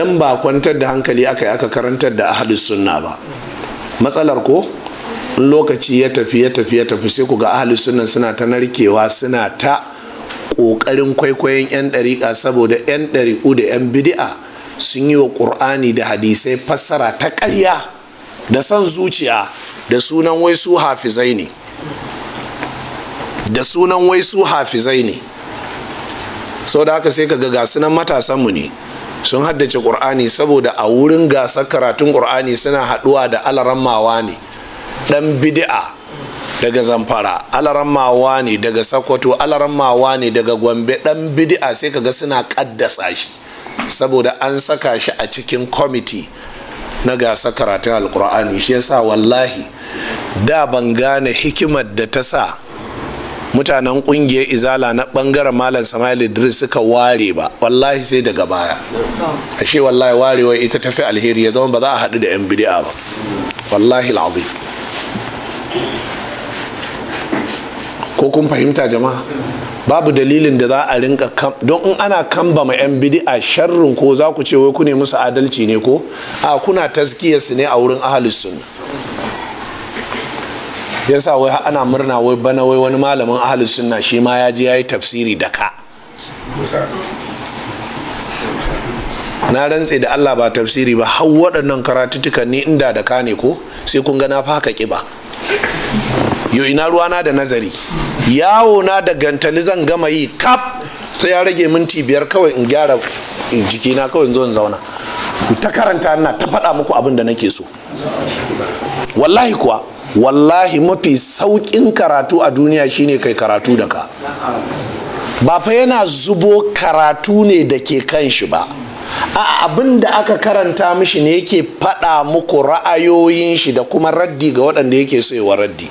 dan ba kwantar da hankali aka yi aka karantar da ahadus sunna ba matsalar ko in lokaci ya tafi ya tafi ya tafi sai ku ga ahalus sunna suna ta narkewa suna ta kokarin kwaikwayon yan dariƙa. saboda yan ɗariƙu da yan bid'a sun yi wa qur'ani da hadisai fassara ta ƙarya da san zuciya da sunan wai su hafizai ne da sunan wai su hafizai ne sau da haka sai ka ga sunan sunan matasanmu ne sun haddace ƙur'ani saboda a wurin gasar karatun ƙur'ani suna haɗuwa da mawa ne ɗan bid'a daga zamfara mawa ne daga sakwato mawa ne daga gombe ɗan bid'a sai kaga suna ƙaddasa shi saboda an saka shi a cikin kwamiti na gasa karatun alkur'ani shi yasa wallahi da ban gane hikimar da ta sa mutanen kungiyar izala na bangaren malam samuel idris suka ware ba wallahi sai daga baya ashe wallahi warewa ita tafi alheri ya zama ba za a haɗu da yan bidi'a ba wallahi alazim ko kun fahimta jama'a babu dalilin da za a rinka don in ana kamba ma yan bidi'a sharrin ko za ku ce wai ku ne musu adalci ne ko a kuna taskiyarsu ne a wurin ahalus yasa wai ana murna wai bana wai wani malamin ahalus sunna shi ma ya je yayi tafsiri da ka na rantse da Allah ba tafsiri ba hau waɗannan karatuttukan ni inda da ka ne ko sai kun ga na haka kiba yo ina na da nazari yawo na da gantali zan gama yi kap sai ya rage minti biyar kawai in gyara jikina kawai in zo in zauna ta karanta na ta faɗa muku abin da nake so wallahi kuwa wallahi mafi sauƙin karatu a duniya shine kai karatu da ka ba fa yana zubo karatu ne da ke kan shi ba a abin da aka karanta mishi ne yake faɗa muku ra'ayoyin shi da kuma raddi ga waɗanda yake so yawa raddi